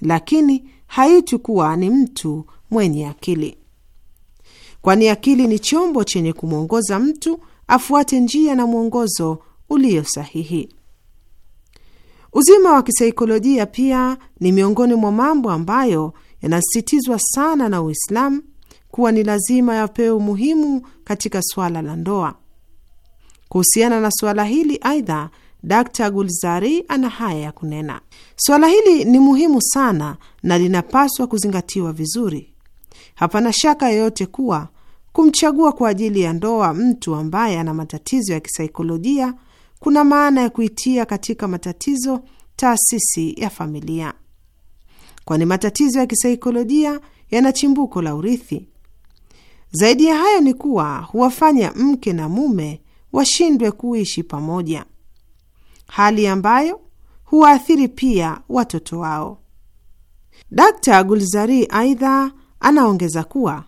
lakini haitwi kuwa ni mtu mwenye akili, kwani akili ni chombo chenye kumwongoza mtu afuate njia na mwongozo ulio sahihi. Uzima wa kisaikolojia pia ni miongoni mwa mambo ambayo yanasisitizwa sana na Uislamu kuwa ni lazima yapewe umuhimu katika suala la ndoa. Kuhusiana na suala hili, aidha, Dr Gulzari ana haya ya kunena: suala hili ni muhimu sana na linapaswa kuzingatiwa vizuri. Hapana shaka yoyote kuwa kumchagua kwa ajili ya ndoa mtu ambaye ana matatizo ya kisaikolojia kuna maana ya kuitia katika matatizo taasisi ya familia, kwani matatizo ya kisaikolojia yana chimbuko la urithi. Zaidi ya hayo ni kuwa huwafanya mke na mume washindwe kuishi pamoja, hali ambayo huwaathiri pia watoto wao. Dkt. Gulzari aidha anaongeza kuwa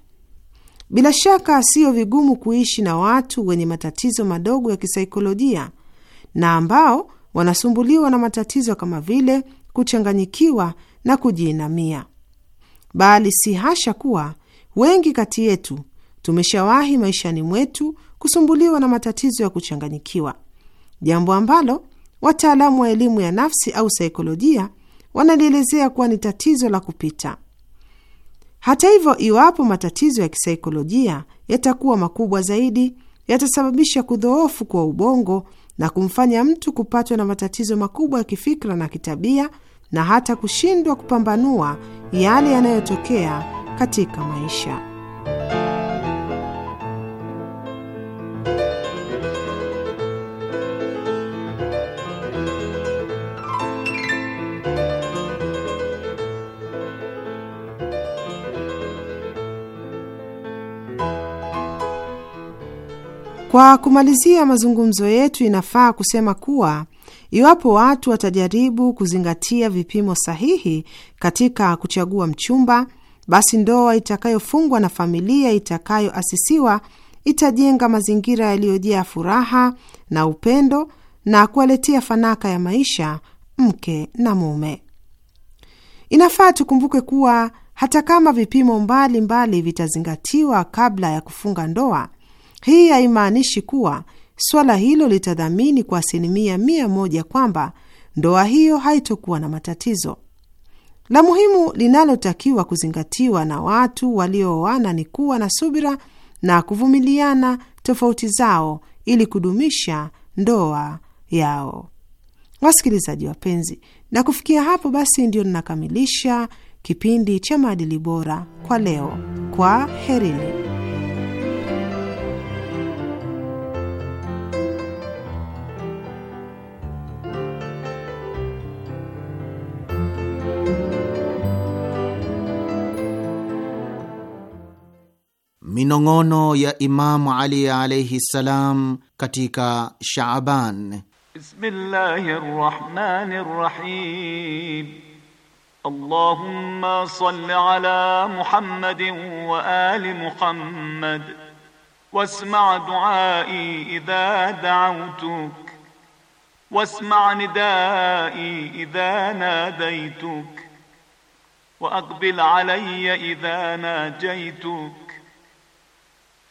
bila shaka siyo vigumu kuishi na watu wenye matatizo madogo ya kisaikolojia na ambao wanasumbuliwa na matatizo kama vile kuchanganyikiwa na kujiinamia. Bali si hasha kuwa wengi kati yetu tumeshawahi maishani mwetu kusumbuliwa na matatizo ya kuchanganyikiwa, jambo ambalo wataalamu wa elimu ya nafsi au saikolojia wanalielezea kuwa ni tatizo la kupita. Hata hivyo, iwapo matatizo ya kisaikolojia yatakuwa makubwa zaidi, yatasababisha kudhoofu kwa ubongo na kumfanya mtu kupatwa na matatizo makubwa ya kifikra na kitabia na hata kushindwa kupambanua yale yanayotokea katika maisha. Kwa kumalizia mazungumzo yetu, inafaa kusema kuwa iwapo watu watajaribu kuzingatia vipimo sahihi katika kuchagua mchumba, basi ndoa itakayofungwa na familia itakayoasisiwa itajenga mazingira yaliyojaa furaha na upendo na kuwaletea fanaka ya maisha mke na mume. Inafaa tukumbuke kuwa hata kama vipimo mbalimbali mbali vitazingatiwa kabla ya kufunga ndoa, hii haimaanishi kuwa swala hilo litadhamini kwa asilimia mia moja kwamba ndoa hiyo haitokuwa na matatizo. La muhimu linalotakiwa kuzingatiwa na watu waliooana ni kuwa na subira na kuvumiliana tofauti zao ili kudumisha ndoa yao. Wasikilizaji wapenzi, na kufikia hapo basi ndio ninakamilisha kipindi cha maadili bora kwa leo. Kwa herini. minong'ono ya Imamu Ali alaihi ssalam katika Shaaban. Bismillahi rahmani rahim. Allahumma salli ala Muhammadin wa ali Muhammad wasma duai idha dautuk واسمع ندائي إذا ناديتك وأقبل علي إذا ناجيتك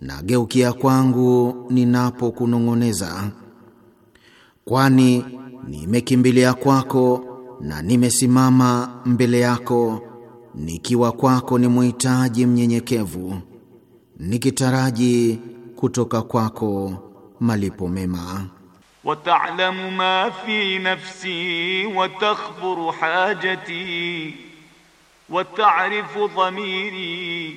na geukia kwangu ninapokunong'oneza, kwani nimekimbilia kwako na nimesimama mbele yako nikiwa kwako ni muhitaji mnyenyekevu, nikitaraji kutoka kwako malipo mema. watalamu ma fi nafsi wa takhburu hajati wa ta'rifu dhamiri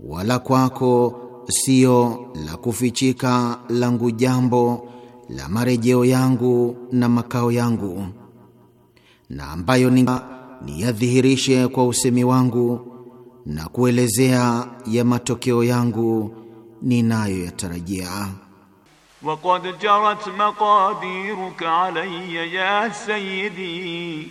wala kwako sio la kufichika langu jambo la marejeo yangu na makao yangu, na ambayo niyadhihirishe kwa usemi wangu na kuelezea ya matokeo yangu ninayoyatarajia. Waqad jarat maqadiruka alayya ya sayyidi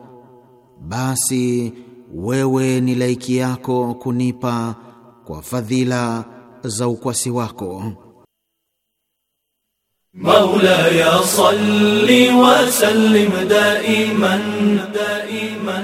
basi wewe ni laiki yako kunipa kwa fadhila za ukwasi wako. Mawla ya salli wa sallim daiman daiman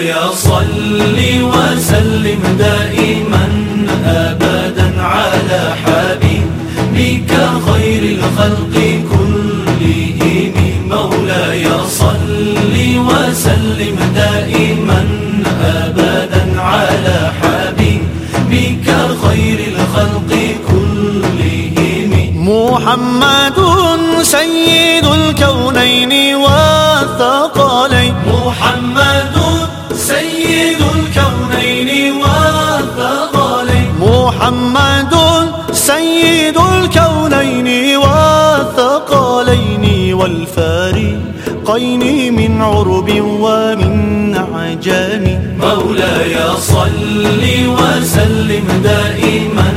مولاي صل وسلم دائما أبدا على حبيبك خير الخلق عليني والفاري قيني من عرب ومن عجام مولاي صل وسلم دائما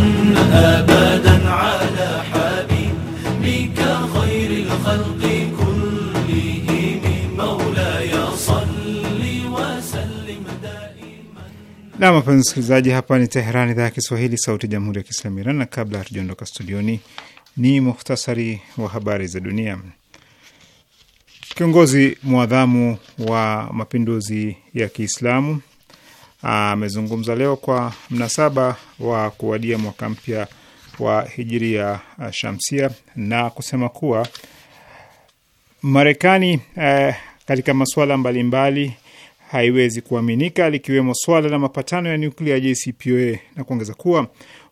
أبدا على حبيبك خير الخلق كلهم مولاي صل وسلم دائما نعم فنسكزاجي هبا نتهران إذا كسوهيلي صوت جمهوري كسلام إيران قبل أرجو أنك استوديوني Ni muhtasari wa habari za dunia. Kiongozi mwadhamu wa mapinduzi ya Kiislamu amezungumza leo kwa mnasaba wa kuwadia mwaka mpya wa hijiria shamsia na kusema kuwa Marekani eh, katika masuala mbalimbali haiwezi kuaminika, likiwemo swala la mapatano ya nuklia JCPOA, na kuongeza kuwa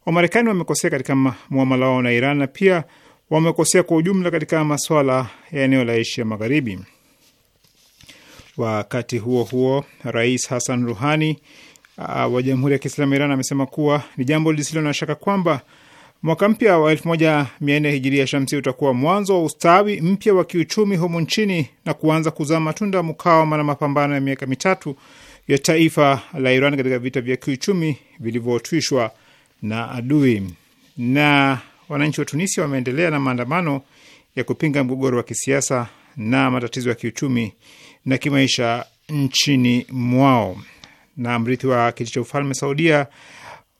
Wamarekani wamekosea katika muamala wao na Iran na pia wamekosea kwa ujumla katika maswala ya eneo la Asia Magharibi. Wakati huo huo, Rais Hassan Ruhani ah, wa Jamhuri ya Kiislamu Iran amesema kuwa ni jambo lisilo na shaka kwamba Mwaka mpya wa 1400 hijiria shamsi utakuwa mwanzo wa ustawi mpya wa kiuchumi humu nchini na kuanza kuzaa matunda mkawama na mapambano ya miaka mitatu ya taifa la Iran katika vita vya kiuchumi vilivyotwishwa na adui. Na wananchi wa Tunisia wameendelea na maandamano ya kupinga mgogoro wa kisiasa na matatizo ya kiuchumi na kimaisha nchini mwao. Na mrithi wa kiti cha ufalme Saudia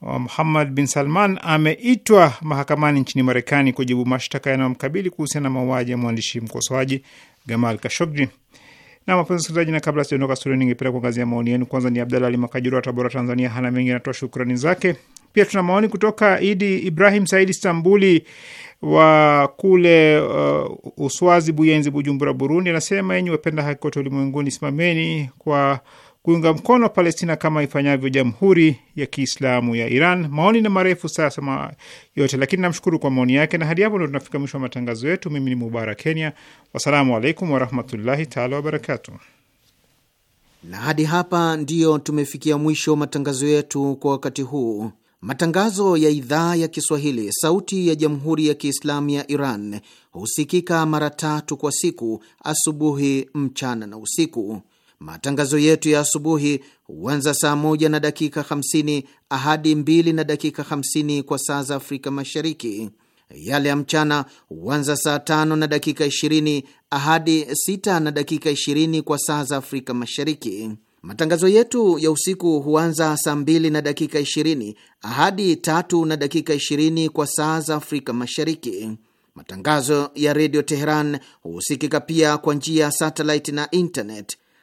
Uh, Muhammad bin Salman ameitwa mahakamani nchini Marekani kujibu mashtaka yanayomkabili kuhusiana na mauaji ya mwandishi mkosoaji Gamal Kashoggi. Na mapenzi msikilizaji, na kabla sijaondoka studio, ningependa kuangazia maoni yenu. Kwanza ni Abdalla Ali Makajuru wa Tabora, Tanzania. Hana mengi, anatoa shukrani zake. Pia tuna maoni kutoka Idi Ibrahim Said Istambuli wa kule uh, Uswazi, Buyenzi, Bujumbura, Burundi. Anasema, enyi wapenda haki kote ulimwenguni, simameni kwa kuiunga mkono Palestina kama ifanyavyo Jamhuri ya Kiislamu ya Iran. Maoni na marefu sasa yote, lakini namshukuru kwa maoni yake, na hadi hapo ndo tunafika mwisho wa matangazo yetu. Mimi ni Mubarak Kenya, wassalamu alaikum warahmatullahi taala wabarakatu. Na hadi hapa ndiyo tumefikia mwisho wa matangazo yetu kwa wakati huu. Matangazo ya idhaa ya Kiswahili sauti ya Jamhuri ya Kiislamu ya Iran husikika mara tatu kwa siku: asubuhi, mchana na usiku Matangazo yetu ya asubuhi huanza saa moja na dakika 50 ahadi 2 na dakika 50 kwa saa za Afrika Mashariki. Yale ya mchana huanza saa tano na dakika ishirini ahadi sita na dakika ishirini kwa saa za Afrika Mashariki. Matangazo yetu ya usiku huanza saa mbili na dakika ishirini hadi tatu na dakika ishirini kwa saa za Afrika Mashariki. Matangazo ya Redio Teheran husikika pia kwa njia ya satellite na internet.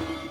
you